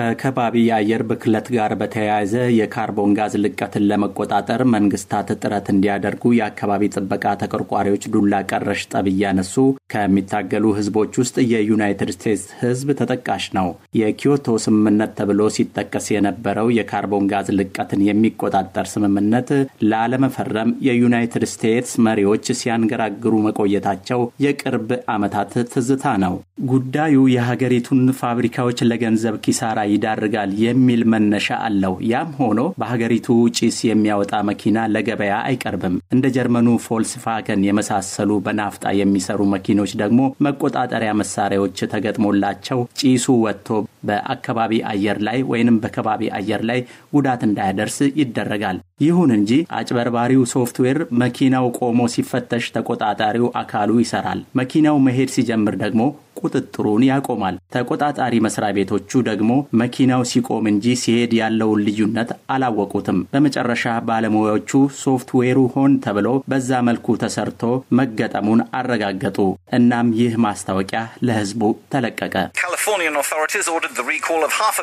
ከከባቢ የአየር ብክለት ጋር በተያያዘ የካርቦን ጋዝ ልቀትን ለመቆጣጠር መንግስታት ጥረት እንዲያደርጉ የአካባቢ ጥበቃ ተቆርቋሪዎች ዱላ ቀረሽ ጠብ እያነሱ ከሚታገሉ ህዝቦች ውስጥ የዩናይትድ ስቴትስ ህዝብ ተጠቃሽ ነው። የኪዮቶ ስምምነት ተብሎ ሲጠቀስ የነበረው የካርቦን ጋዝ ልቀትን የሚቆጣጠር ስምምነት ላለመፈረም የዩናይትድ ስቴትስ መሪዎች ሲያንገራግሩ መቆየታቸው የቅርብ ዓመታት ትዝታ ነው። ጉዳዩ የሀገሪቱን ፋብሪካዎች ለገንዘብ ኪሳራ ይዳርጋል የሚል መነሻ አለው። ያም ሆኖ በሀገሪቱ ጭስ የሚያወጣ መኪና ለገበያ አይቀርብም። እንደ ጀርመኑ ፎልስፋገን የመሳሰሉ በናፍጣ የሚሰሩ መኪኖች ደግሞ መቆጣጠሪያ መሳሪያዎች ተገጥሞላቸው ጭሱ ወጥቶ በአካባቢ አየር ላይ ወይንም በከባቢ አየር ላይ ጉዳት እንዳያደርስ ይደረጋል። ይሁን እንጂ አጭበርባሪው ሶፍትዌር መኪናው ቆሞ ሲፈተሽ ተቆጣጣሪው አካሉ ይሰራል። መኪናው መሄድ ሲጀምር ደግሞ ቁጥጥሩን ያቆማል። ተቆጣጣሪ መስሪያ ቤቶቹ ደግሞ መኪናው ሲቆም እንጂ ሲሄድ ያለውን ልዩነት አላወቁትም። በመጨረሻ ባለሙያዎቹ ሶፍትዌሩ ሆን ተብሎ በዛ መልኩ ተሰርቶ መገጠሙን አረጋገጡ። እናም ይህ ማስታወቂያ ለሕዝቡ ተለቀቀ።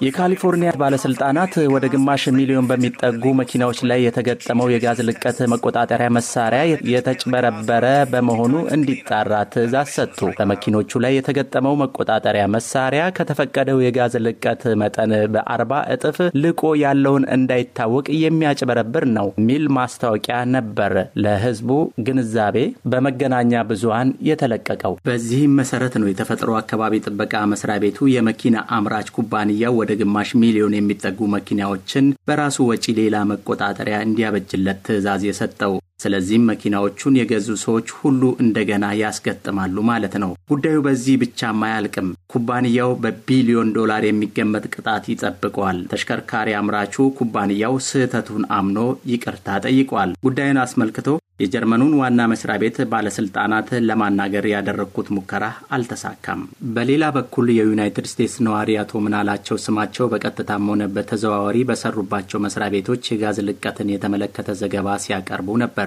የካሊፎርኒያ ባለስልጣናት ወደ ግማሽ ሚሊዮን በሚጠጉ መኪናዎች ላይ የተገጠመው የጋዝ ልቀት መቆጣጠሪያ መሳሪያ የተጭበረበረ በመሆኑ እንዲጣራ ትዕዛዝ ሰጡ። በመኪኖቹ ላይ የተገጠመው መቆጣጠሪያ መሳሪያ ከተፈቀደው የጋዝ ልቀት መጠን በአርባ እጥፍ ልቆ ያለውን እንዳይታወቅ የሚያጭበረብር ነው የሚል ማስታወቂያ ነበር ለህዝቡ ግንዛቤ በመገናኛ ብዙሃን የተለቀቀው። በዚህም መሰረት ነው የተፈጥሮ አካባቢ ጥበቃ መስሪያ ቤቱ ባለቤቱ የመኪና አምራች ኩባንያው ወደ ግማሽ ሚሊዮን የሚጠጉ መኪናዎችን በራሱ ወጪ ሌላ መቆጣጠሪያ እንዲያበጅለት ትዕዛዝ የሰጠው ስለዚህም መኪናዎቹን የገዙ ሰዎች ሁሉ እንደገና ያስገጥማሉ ማለት ነው። ጉዳዩ በዚህ ብቻም አያልቅም። ኩባንያው በቢሊዮን ዶላር የሚገመት ቅጣት ይጠብቀዋል። ተሽከርካሪ አምራቹ ኩባንያው ስህተቱን አምኖ ይቅርታ ጠይቋል። ጉዳዩን አስመልክቶ የጀርመኑን ዋና መስሪያ ቤት ባለስልጣናት ለማናገር ያደረግኩት ሙከራ አልተሳካም። በሌላ በኩል የዩናይትድ ስቴትስ ነዋሪ አቶ ምናላቸው ስማቸው በቀጥታም ሆነ በተዘዋዋሪ በሰሩባቸው መስሪያ ቤቶች የጋዝ ልቀትን የተመለከተ ዘገባ ሲያቀርቡ ነበር።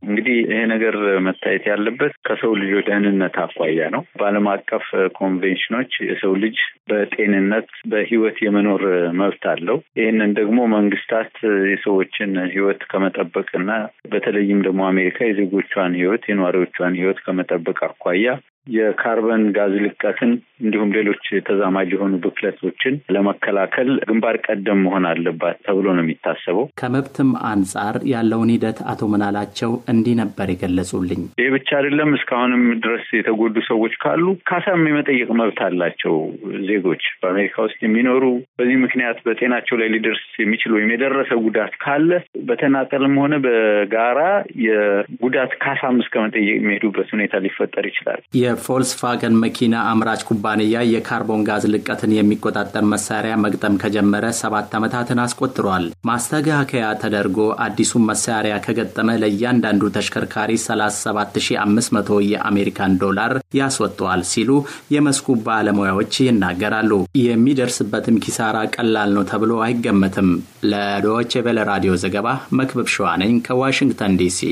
እንግዲህ ይሄ ነገር መታየት ያለበት ከሰው ልጆች ደህንነት አኳያ ነው። በዓለም አቀፍ ኮንቬንሽኖች የሰው ልጅ በጤንነት በህይወት የመኖር መብት አለው። ይህንን ደግሞ መንግስታት የሰዎችን ህይወት ከመጠበቅ እና በተለይም ደግሞ አሜሪካ የዜጎቿን ህይወት የነዋሪዎቿን ህይወት ከመጠበቅ አኳያ የካርበን ጋዝ ልቀትን እንዲሁም ሌሎች ተዛማጅ የሆኑ ብክለቶችን ለመከላከል ግንባር ቀደም መሆን አለባት ተብሎ ነው የሚታሰበው። ከመብትም አንጻር ያለውን ሂደት አቶ ምናላቸው እንዲህ ነበር የገለጹልኝ። ይህ ብቻ አይደለም። እስካሁንም ድረስ የተጎዱ ሰዎች ካሉ ካሳም የመጠየቅ መብት አላቸው። ዜጎች በአሜሪካ ውስጥ የሚኖሩ በዚህ ምክንያት በጤናቸው ላይ ሊደርስ የሚችል ወይም የደረሰ ጉዳት ካለ በተናጠልም ሆነ በጋራ የጉዳት ካሳም እስከ መጠየቅ የሚሄዱበት ሁኔታ ሊፈጠር ይችላል። የፎልስቫገን መኪና አምራች ኩባንያ የካርቦን ጋዝ ልቀትን የሚቆጣጠር መሳሪያ መግጠም ከጀመረ ሰባት ዓመታትን አስቆጥሯል። ማስተካከያ ተደርጎ አዲሱን መሳሪያ ከገጠመ ለእያንዳንዱ አንዱ ተሽከርካሪ 37500 የአሜሪካን ዶላር ያስወጠዋል ሲሉ የመስኩ ባለሙያዎች ይናገራሉ። የሚደርስበትም ኪሳራ ቀላል ነው ተብሎ አይገመትም። ለዶቼ ቬለ ራዲዮ ዘገባ መክበብ ሸዋነኝ ከዋሽንግተን ዲሲ